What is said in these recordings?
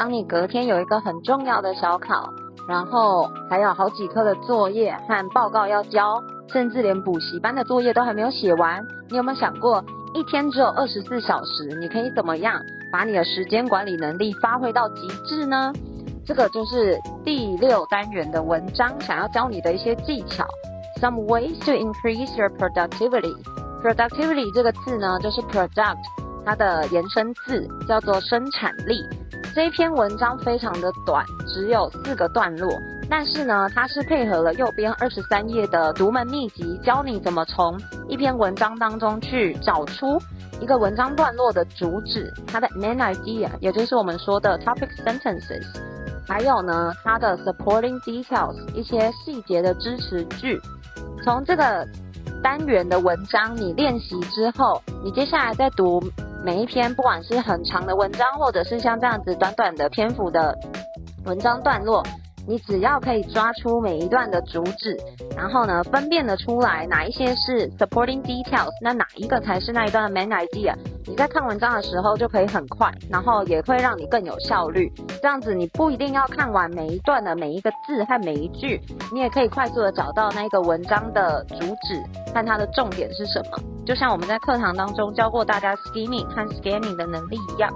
當你隔天有一個很重要的小考，然後還有好幾科的作業和報告要交，甚至連補習班的作業都還沒有寫完，你有沒有想過，一天只有二十四小時，你可以怎麼樣把你的時間管理能力發揮到極致呢？這個就是第六單元的文章想要教你的一些技巧。Some ways to increase your productivity。Productivity 這個字呢，就是 product 它的延伸字，叫做生產力。這一篇文章非常的短，只有四個段落，但是呢，它是配合了右邊二十三頁的獨門秘籍，教你怎麼從一篇文章當中去找出一個文章段落的主旨，它的 main idea，也就是我們說的 topic sentences，還有呢，它的 supporting details，一些細節的支持句。從這個單元的文章你練習之後，你接下來再讀。每一篇，不管是很長的文章，或者是像這樣子短短的篇幅的文章段落。你只要可以抓出每一段的主旨，然後呢，分辨的出來哪一些是 supporting details，那哪一個才是那一段的 main idea，你在看文章的時候就可以很快，然後也會讓你更有效率。這樣子你不一定要看完每一段的每一個字和每一句，你也可以快速的找到那個文章的主旨，看它的重點是什麼。就像我們在課堂當中教過大家 skimming 和 scanning 的能力一樣。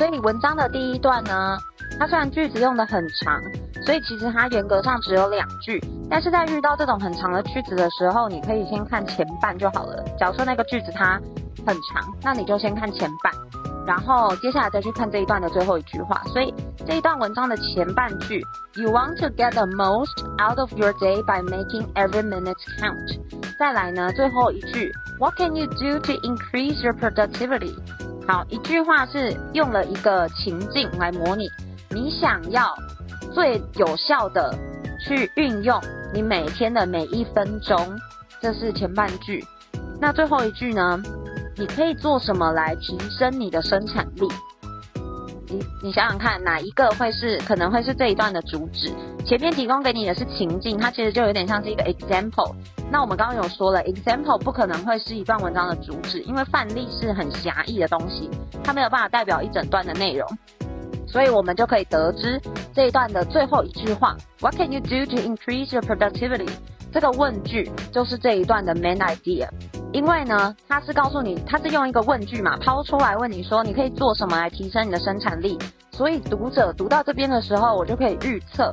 所以你文章的第一段呢，它雖然句子用得很長，所以其實它嚴格上只有兩句。但是在遇到這種很長的句子的時候，你可以先看前半就好了。假設那個句子它很長，那你就先看前半，然後接下來再去看這一段的最後一句話。所以這一段文章的前半句，You want to get the most out of your day by making every minute count。再來呢，最後一句，What can you do to increase your productivity？好，一句話是用了一個情境來模擬，你想要最有效的去運用你每天的每一分鐘，這是前半句。那最後一句呢？你可以做什麼來提升你的生產力？你你想想看，哪一個會是可能會是這一段的主旨？前面提供給你的是情境，它其實就有點像是一個 example。那我們剛剛有說了，example 不可能會是一段文章的主旨，因為範例是很狹義的東西，它沒有辦法代表一整段的內容。所以我們就可以得知這一段的最後一句話，What can you do to increase your productivity？這個問句就是這一段的 main idea，因為呢，它是告訴你，它是用一個問句嘛，拋出來問你說，你可以做什麼來提升你的生產力？所以讀者讀到這邊的時候，我就可以預測。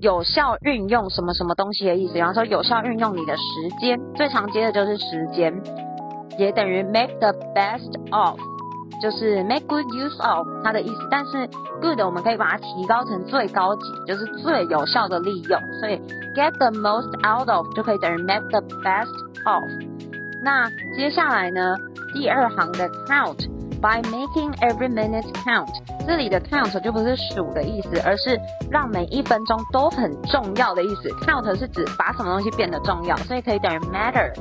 有效運用什麼什麼東西的意思，比方說有效運用你的時間，最常接的就是時間，也等於 make the best of，就是 make good use of 它的意思。但是 good 我們可以把它提高成最高級，就是最有效的利用，所以 get the most out of 就可以等於 make the best of。那接下來呢，第二行的 count。By making every minute count，這裡的 count 就不是數的意思，而是讓每一分鐘都很重要的意思。Count 是指把什麼東西變得重要，所以可以等於 matter。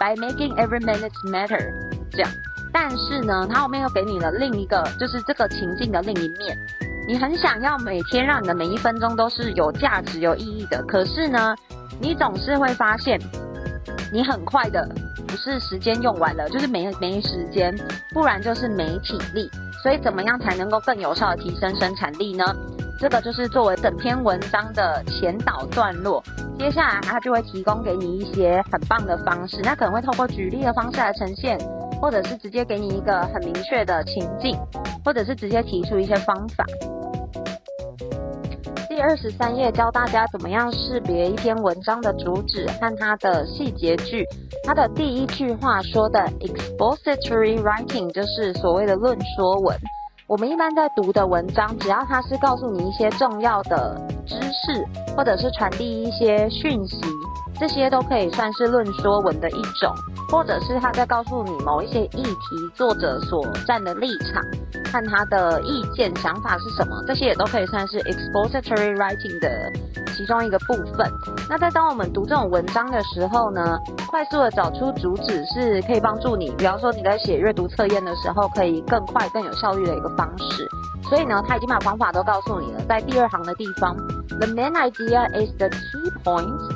By making every minute matter 這樣。但是呢，它後面又給你了另一個，就是這個情境的另一面。你很想要每天讓你的每一分鐘都是有價值、有意義的，可是呢，你總是會發現，你很快的。不是時間用完了，就是沒沒時間，不然就是沒體力。所以，怎麼樣才能夠更有效的提升生產力呢？這個就是作為整篇文章的前導段落。接下來，他就會提供給你一些很棒的方式。那可能會透過舉例的方式來呈現，或者是直接給你一個很明確的情境，或者是直接提出一些方法。第二十三頁教大家怎麼樣識別一篇文章的主旨和它的細節句。它的第一句話說的 expository writing 就是所謂的論說文。我們一般在讀的文章，只要它是告訴你一些重要的知識，或者是傳遞一些訊息。這些都可以算是論說文的一種，或者是他在告訴你某一些議題作者所站的立場，看他的意見想法是什麼，這些也都可以算是 expository writing 的其中一個部分。那在當我們讀這種文章的時候呢，快速的找出主旨是可以幫助你，比方說你在寫閱讀測驗的時候，可以更快更有效率的一個方式。所以呢，他已經把方法都告訴你了，在第二行的地方，the main idea is the key point。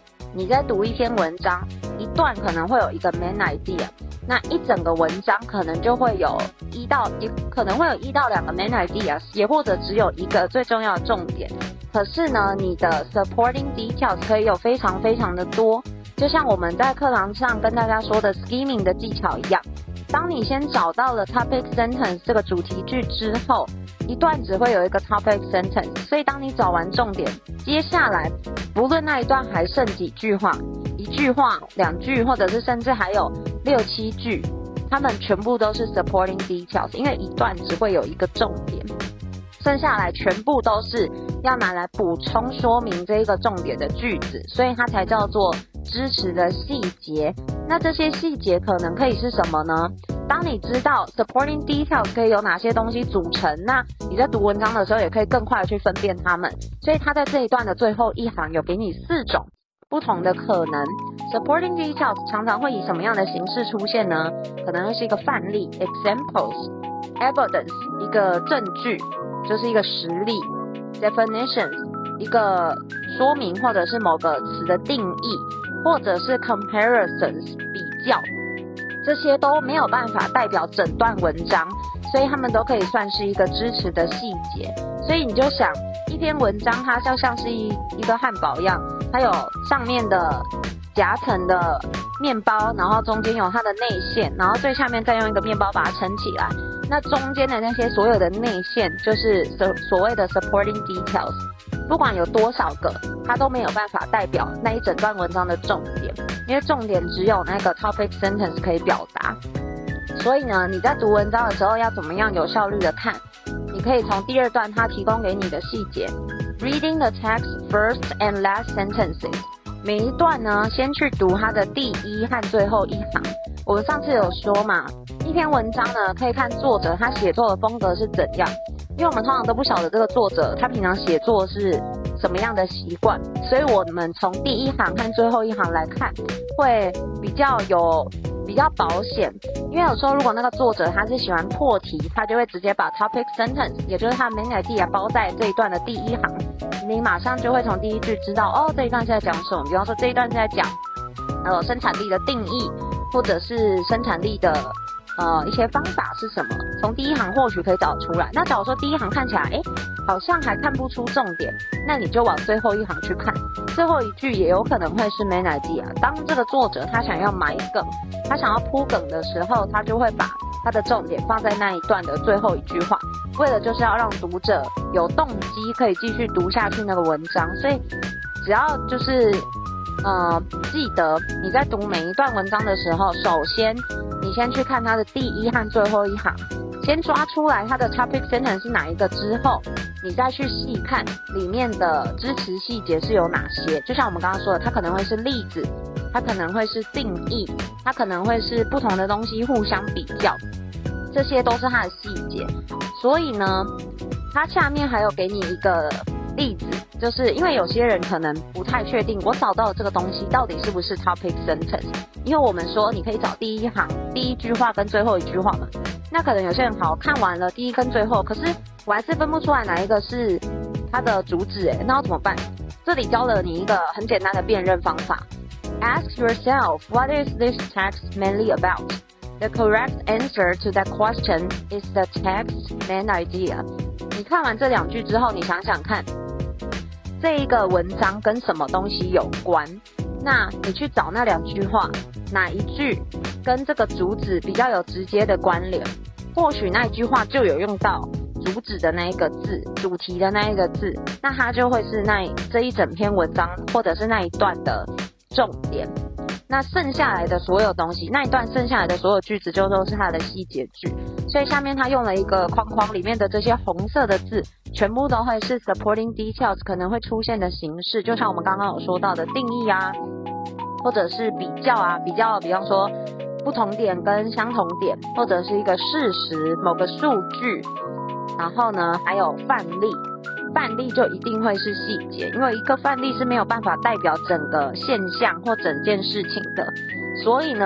你在讀一篇文章，一段可能會有一個 main idea，那一整個文章可能就會有一到一可能會有一到兩個 main ideas，也或者只有一個最重要的重點。可是呢，你的 supporting details 可以有非常非常的多，就像我們在課堂上跟大家說的 skimming 的技巧一樣，當你先找到了 topic sentence 這個主題句之後。一段只會有一個 topic sentence，所以當你找完重點，接下來不論那一段還剩幾句話，一句話、兩句，或者是甚至還有六七句，他們全部都是 supporting details，因為一段只會有一個重點，剩下來全部都是要拿來補充說明這一個重點的句子，所以它才叫做支持的細節。那這些細節可能可以是什麼呢？當你知道 supporting details 可以由哪些東西組成，那你在讀文章的時候也可以更快的去分辨它們。所以它在這一段的最後一行有給你四種不同的可能。supporting details 常常會以什麼樣的形式出現呢？可能會是一個範例 examples，evidence 一個證據，就是一個實例 definitions 一個說明，或者是某個詞的定義，或者是 comparisons 比較。這些都沒有辦法代表整段文章，所以他們都可以算是一個支持的細節。所以你就想，一篇文章它就像是一一個漢堡一樣，它有上面的夾層的麵包，然後中間有它的內餡，然後最下面再用一個麵包把它撐起來。那中間的那些所有的內餡，就是所所謂的 supporting details。不管有多少個，它都沒有辦法代表那一整段文章的重點，因為重點只有那個 topic sentence 可以表達。所以呢，你在讀文章的時候要怎麼樣有效率的看？你可以從第二段它提供給你的細節，reading the text first and last sentences。每一段呢，先去讀它的第一和最後一行。我們上次有說嘛，一篇文章呢，可以看作者他寫作的風格是怎樣。因為我們通常都不曉得這個作者他平常寫作是什麼樣的習慣，所以我們從第一行和最後一行來看會比較有比較保險。因為有時候如果那個作者他是喜歡破題，他就會直接把 topic sentence，也就是他 main idea，包在這一段的第一行，你馬上就會從第一句知道哦，這一段現在講什麼？比方說，這一段在講呃，生產力的定義，或者是生產力的。呃，一些方法是什麼？從第一行或許可以找出來。那假如說第一行看起來，誒，好像還看不出重點，那你就往最後一行去看。最後一句也有可能會是埋梗啊。當這個作者他想要埋梗，他想要鋪梗的時候，他就會把他的重點放在那一段的最後一句話，為了就是要讓讀者有動機可以繼續讀下去那個文章。所以，只要就是，呃，記得你在讀每一段文章的時候，首先。你先去看它的第一和最後一行，先抓出來它的 topic sentence 是哪一個，之後你再去細看裡面的支持細節是有哪些。就像我們剛剛說的，它可能會是例子，它可能會是定義，它可能會是不同的東西互相比較，這些都是它的細節。所以呢，它下面還有給你一個。例子，就是因為有些人可能不太確定，我找到的這個東西到底是不是 topic sentence。因為我們說你可以找第一行、第一句話跟最後一句話嘛。那可能有些人好看完了第一跟最後，可是我還是分不出來哪一個是它的主旨哎、欸，那要怎麼辦？這裡教了你一個很簡單的辨認方法：Ask yourself what is this text mainly about?The correct answer to that question is the text main idea。你看完這兩句之後，你想想看。這一個文章跟什麼東西有關？那你去找那兩句話，哪一句跟這個主旨比較有直接的關聯？或許那一句話就有用到主旨的那一個字，主題的那一個字，那它就會是那這一整篇文章或者是那一段的重點。那剩下來的所有東西，那一段剩下來的所有句子就都是它的細節句。所以下面它用了一個框框，裡面的這些紅色的字，全部都會是 supporting details 可能會出現的形式，就像我們剛剛有說到的定義啊，或者是比較啊，比較比方說不同點跟相同點，或者是一個事實、某個數據，然後呢還有範例，範例就一定會是細節，因為一個範例是沒有辦法代表整個現象或整件事情的，所以呢。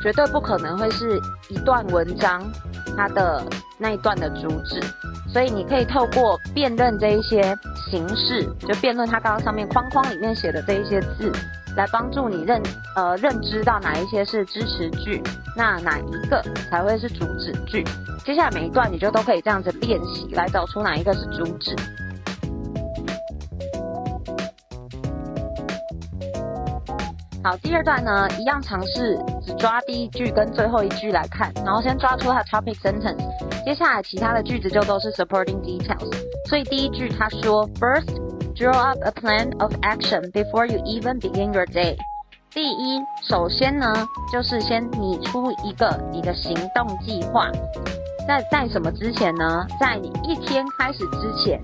絕對不可能會是一段文章，它的那一段的主旨。所以你可以透過辨認這一些形式，就辨認它剛剛上面框框裡面寫的這一些字，來幫助你認呃認知到哪一些是支持句，那哪一個才會是主旨句。接下來每一段你就都可以這樣子練習，來找出哪一個是主旨。好，第二段呢，一樣嘗試只抓第一句跟最後一句來看，然後先抓出它的 topic sentence，接下來其他的句子就都是 supporting details。所以第一句他說，First, draw up a plan of action before you even begin your day。第一，首先呢，就是先擬出一個你的行動計劃，在在什麼之前呢？在你一天開始之前，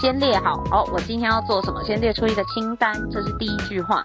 先列好，哦。我今天要做什麼？先列出一個清單，這是第一句話。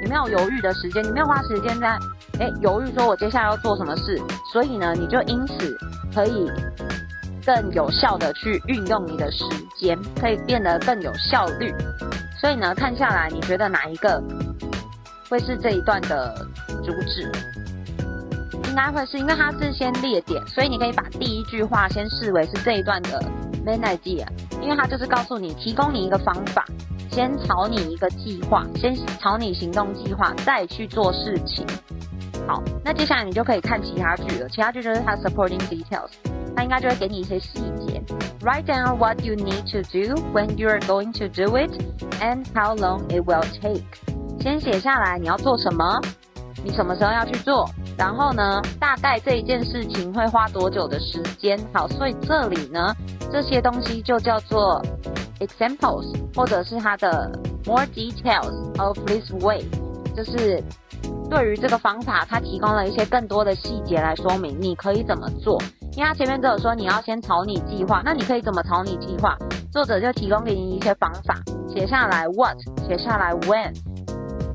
你沒有猶豫的時間，你沒有花時間在，誒、欸、猶豫說我接下來要做什麼事，所以呢，你就因此可以更有效的去運用你的時間，可以變得更有效率。所以呢，看下來，你覺得哪一個會是這一段的主旨？應該會是因為它是先列點，所以你可以把第一句話先視為是這一段的 main idea，因為它就是告訴你，提供你一個方法。先草擬一個計劃，先草擬行動計劃，再去做事情。好，那接下來你就可以看其他劇了。其他劇就是它 supporting details，它應該就會給你一些細節。Write down what you need to do when you are going to do it and how long it will take。先寫下來你要做什麼，你什麼時候要去做，然後呢，大概這一件事情會花多久的時間。好，所以這裡呢，這些東西就叫做。examples，或者是它的 more details of this way，就是對於這個方法，它提供了一些更多的細節來說明你可以怎麼做。因為它前面都有說你要先草擬計劃，那你可以怎麼草擬計劃？作者就提供給你一些方法，寫下來 what，寫下來 when，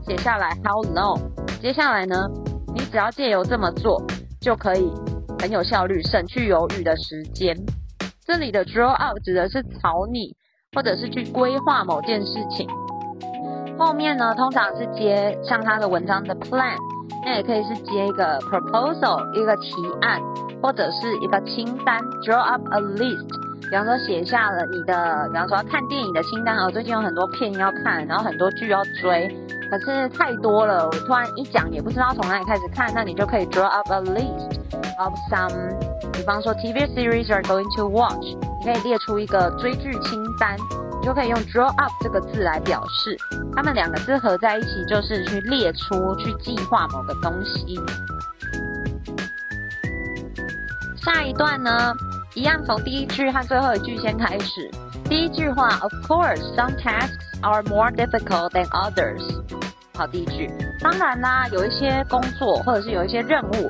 寫下來 how long。接下來呢，你只要借由這麼做，就可以很有效率，省去猶豫的時間。這裡的 draw up 指的是草擬。或者是去規劃某件事情，後面呢，通常是接像他的文章的 plan，那也可以是接一個 proposal，一個提案或者是一個清單 draw up a list。比方說寫下了你的，比方說看電影的清單，我最近有很多片要看，然後很多劇要追，可是太多了，我突然一講也不知道從哪裡開始看，那你就可以 draw up a list of some，比方說 TV series you are going to watch。可以列出一個追劇清單，你就可以用 draw up 這個字來表示，他們兩個字合在一起就是去列出、去計劃某個東西。下一段呢，一樣從第一句和最後一句先開始。第一句話：Of course, some tasks are more difficult than others。好，第一句，當然啦，有一些工作或者是有一些任務。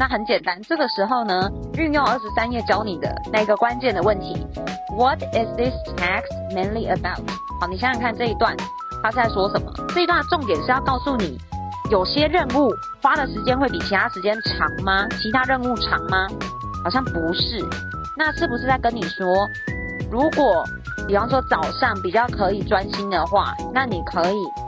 那很簡單，這個時候呢，運用二十三頁教你的那個關鍵的問題，What is this text mainly about？好，你想想看這一段他是在說什麼？這一段的重點是要告訴你，有些任務花的時間會比其他時間長嗎？其他任務長嗎？好像不是。那是不是在跟你說，如果比方說早上比較可以專心的話，那你可以。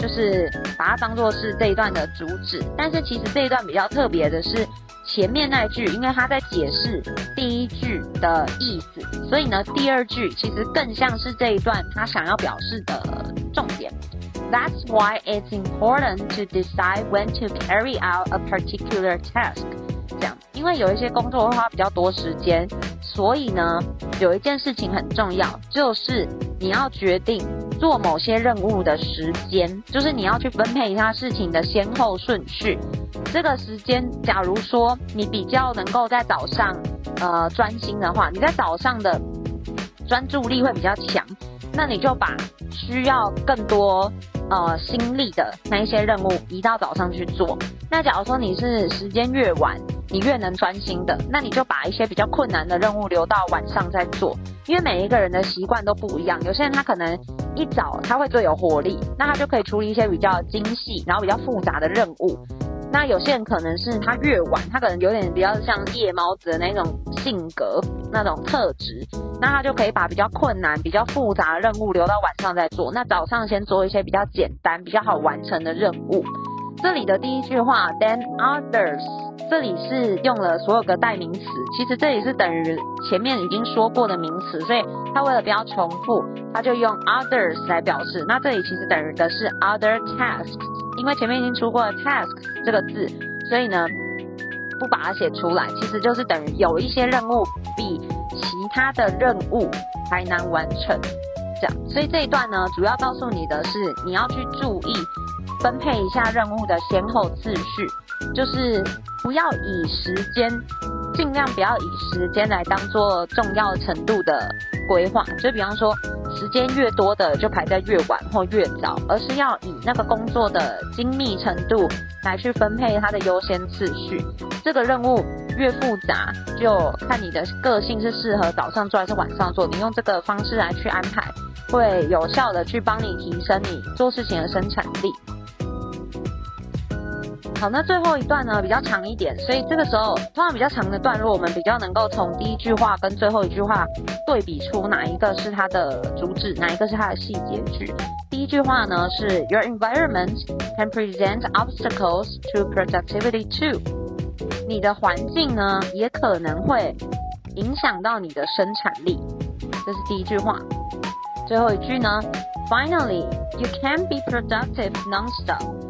就是把它當做是這一段的主旨，但是其實這一段比較特別的是前面那句，因為他在解釋第一句的意思，所以呢，第二句其實更像是這一段他想要表示的重點。That's why it's important to decide when to carry out a particular task. 因為有一些工作會花比較多時間，所以呢，有一件事情很重要，就是你要決定做某些任務的時間，就是你要去分配一下事情的先後順序。這個時間，假如說你比較能夠在早上，呃，專心的話，你在早上的專注力會比較強，那你就把需要更多呃心力的那一些任務移到早上去做。那假如說你是時間越晚，你越能專心的，那你就把一些比較困難的任務留到晚上再做。因為每一個人的習慣都不一樣，有些人他可能一早他會最有活力，那他就可以處理一些比較精細，然後比較複雜的任務。那有些人可能是他越晚，他可能有點比較像夜貓子的那種性格、那種特質，那他就可以把比較困難、比較複雜的任務留到晚上再做。那早上先做一些比較簡單、比較好完成的任務。這裡的第一句話 than others，這裡是用了所有的代名詞，其實這裡是等於前面已經說過的名詞，所以它為了不要重複，它就用 others 來表示。那這裡其實等於的是 other tasks，因為前面已經出過了 tasks 這個字，所以呢不把它寫出來，其實就是等於有一些任務比其他的任務還難完成，這樣。所以這一段呢，主要告訴你的是你要去注意。分配一下任務的先後次序，就是不要以時間，盡量不要以時間來當做重要程度的規劃。就比方說，時間越多的就排在越晚或越早，而是要以那個工作的精密程度來去分配它的優先次序。這個任務越複雜，就看你的個性是適合早上做還是晚上做。你用這個方式來去安排，會有效的去幫你提升你做事情的生產力。好，那最後一段呢，比較長一點，所以這個時候通常比較長的段落，我們比較能夠從第一句話跟最後一句話對比出哪一個是它的主旨，哪一個是它的細節句。第一句話呢是 Your environment can present obstacles to productivity too。你的環境呢也可能會影響到你的生產力，這是第一句話。最後一句呢，Finally，you can be productive nonstop。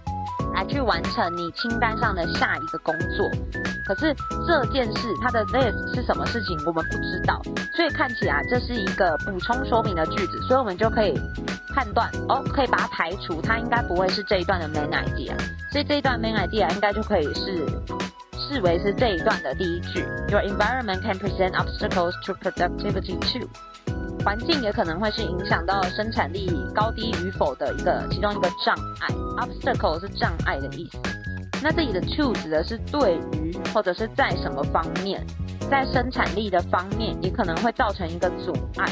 來去完成你清單上的下一個工作，可是這件事它的 this 是什麼事情我們不知道，所以看起來這是一個補充說明的句子，所以我們就可以判斷哦，可以把它排除，它應該不會是這一段的 main idea，所以這一段 main idea 應該就可以是視為是這一段的第一句。Your environment can present obstacles to productivity too. 環境也可能會是影響到生產力高低與否的一個其中一個障礙，obstacle 是障礙的意思。那這裡的 to 指的是對於或者是在什麼方面，在生產力的方面也可能會造成一個阻礙。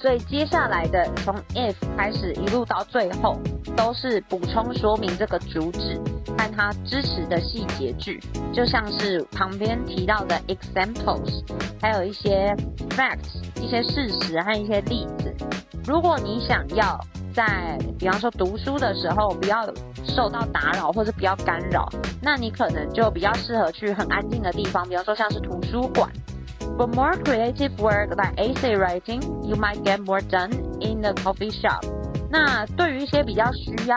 所以接下來的從 if 開始一路到最後都是補充說明這個主旨。但它支持的細節句，就像是旁邊提到的 examples，還有一些 facts，一些事實和一些例子。如果你想要在，比方說讀書的時候不要受到打擾或者不要干擾，那你可能就比較適合去很安靜的地方，比方說像是圖書館。But more creative work like essay writing, you might get more done in the coffee shop。那對於一些比較需要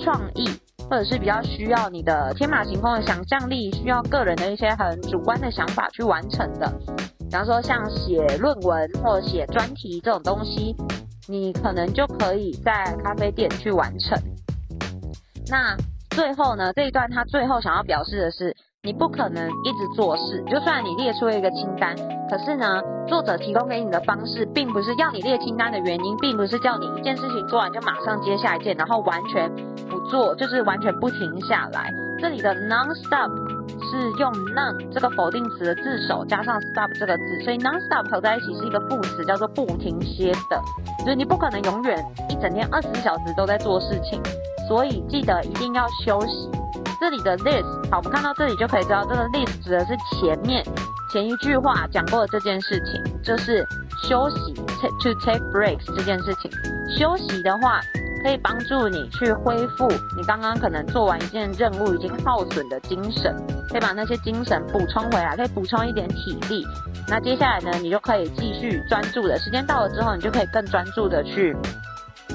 創意。或者是比較需要你的天馬行空的想象力，需要個人的一些很主觀的想法去完成的，比方說像寫論文或者寫專題這種東西，你可能就可以在咖啡店去完成。那最後呢，這一段他最後想要表示的是，你不可能一直做事，就算你列出了一個清單，可是呢，作者提供給你的方式，並不是要你列清單的原因，並不是叫你一件事情做完就馬上接下一件，然後完全不做，就是完全不停下來。這裡的 nonstop 是用 non 這個否定詞的字首加上 stop 這個字，所以 nonstop 合在一起是一個副詞，叫做不停歇的。就是你不可能永遠一整天二十四小時都在做事情，所以記得一定要休息。這裡的 list 好，我們看到這裡就可以知道，這個 list 指的是前面前一句話講過的這件事情，就是休息 to take breaks 這件事情。休息的話，可以幫助你去恢復你剛剛可能做完一件任務已經耗損的精神，可以把那些精神補充回來，可以補充一點體力。那接下來呢，你就可以繼續專注了。時間到了之後，你就可以更專注的去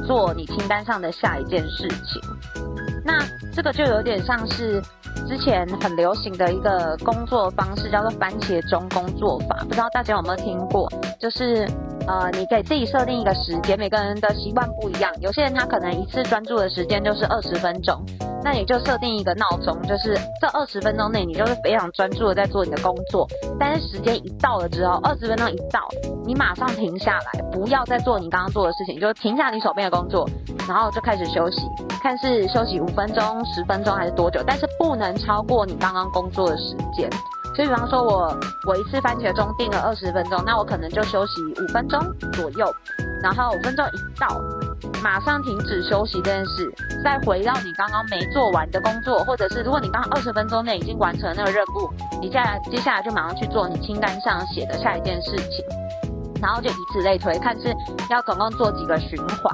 做你清單上的下一件事情。那這個就有點像是之前很流行的一個工作方式，叫做番茄鐘工作法，不知道大家有沒有聽過？就是。呃，你給自己設定一個時間，每個人的習慣不一樣，有些人他可能一次專注的時間就是二十分鐘，那你就設定一個鬧鐘，就是這二十分鐘內你就是非常專注的在做你的工作，但是時間一到了之後，二十分鐘一到，你馬上停下來，不要再做你剛剛做的事情，你就停下你手邊的工作，然後就開始休息，看是休息五分鐘、十分鐘還是多久，但是不能超過你剛剛工作的時間。所以，比方說我，我我一次番茄鐘定了二十分鐘，那我可能就休息五分鐘左右，然後五分鐘一到，馬上停止休息這件事，再回到你剛剛沒做完的工作，或者是如果你剛剛二十分鐘內已經完成了那個任務，你下接下來就馬上去做你清單上寫的下一件事情，然後就以此類推，看是要總共做幾個循環，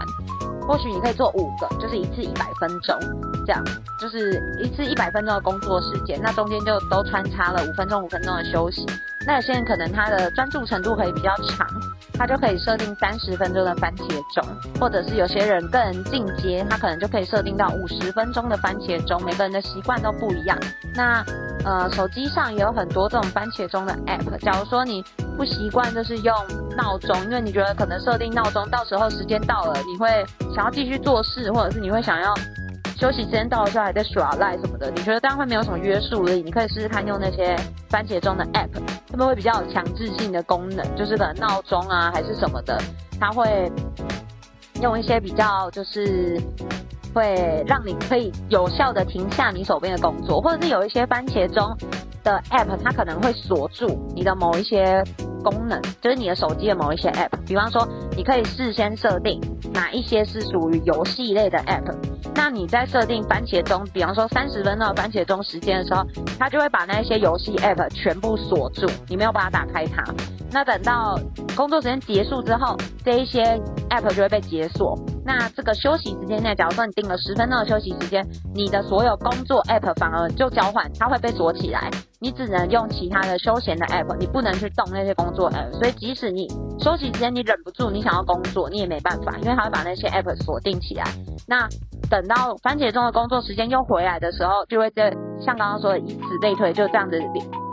或許你可以做五個，就是一次一百分鐘。這樣，就是一次一百分鐘的工作時間，那中間就都穿插了五分鐘、五分鐘的休息。那有些人可能他的專注程度可以比較長，他就可以設定三十分鐘的番茄鐘，或者是有些人更進階，他可能就可以設定到五十分鐘的番茄鐘。每個人的習慣都不一樣。那，呃，手機上也有很多這種番茄鐘的 app。假如說你不習慣就是用鬧鐘，因為你覺得可能設定鬧鐘，到時候時間到了，你會想要繼續做事，或者是你會想要。休息時間到的時候，還在耍賴什麼的，你覺得這樣會沒有什麼約束力。你可以試試看用那些番茄鐘的 App，他們會比較有強制性的功能，就是可能鬧鐘啊還是什麼的，他會用一些比較就是會讓你可以有效的停下你手邊的工作，或者是有一些番茄鐘。的 app 它可能會鎖住你的某一些功能，就是你的手機的某一些 app，比方說，你可以事先設定哪一些是屬於遊戲類的 app。那你在設定番茄鐘，比方說三十分鐘的番茄鐘時間的時候，它就會把那一些遊戲 app 全部鎖住，你沒有辦法打開它。那等到工作時間結束之後，這一些 app 就會被解鎖。那這個休息時間內，假如說你定了十分鐘的休息時間，你的所有工作 app 反而就交換，它會被鎖起來。你只能用其他的休閒的 app，你不能去動那些工作 app，所以即使你休息時間你忍不住你想要工作，你也沒辦法，因為他會把那些 app 鎖定起來。那等到番茄鐘的工作時間又回來的時候，就會在像剛剛說的，以此類推，就這樣子，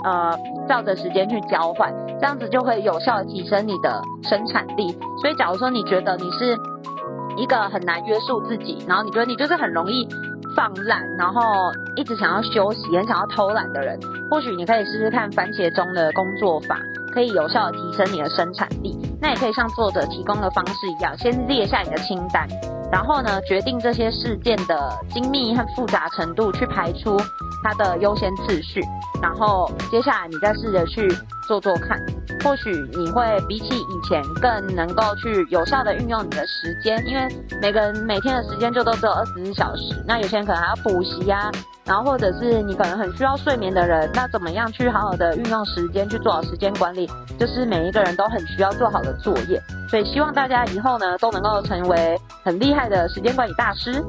呃，照着時間去交換，這樣子就會有效的提升你的生產力。所以假如說你覺得你是一個很難約束自己，然後你覺得你就是很容易。放懶，然後一直想要休息，很想要偷懶的人，或許你可以試試看番茄鐘的工作法，可以有效的提升你的生產力。那也可以像作者提供的方式一樣，先列下你的清單，然後呢，決定這些事件的精密和複雜程度去排除它的優先次序，然後接下來你再試着去做做看，或許你會比起以前更能夠去有效的運用你的時間，因為每個人每天的時間就都只有二十四小時，那有些人可能還要補習啊，然後或者是你可能很需要睡眠的人，那怎麼樣去好好的運用時間，去做好時間管理，就是每一個人都很需要做好的作業，所以希望大家以後呢都能夠成為很厲害的時間管理大師。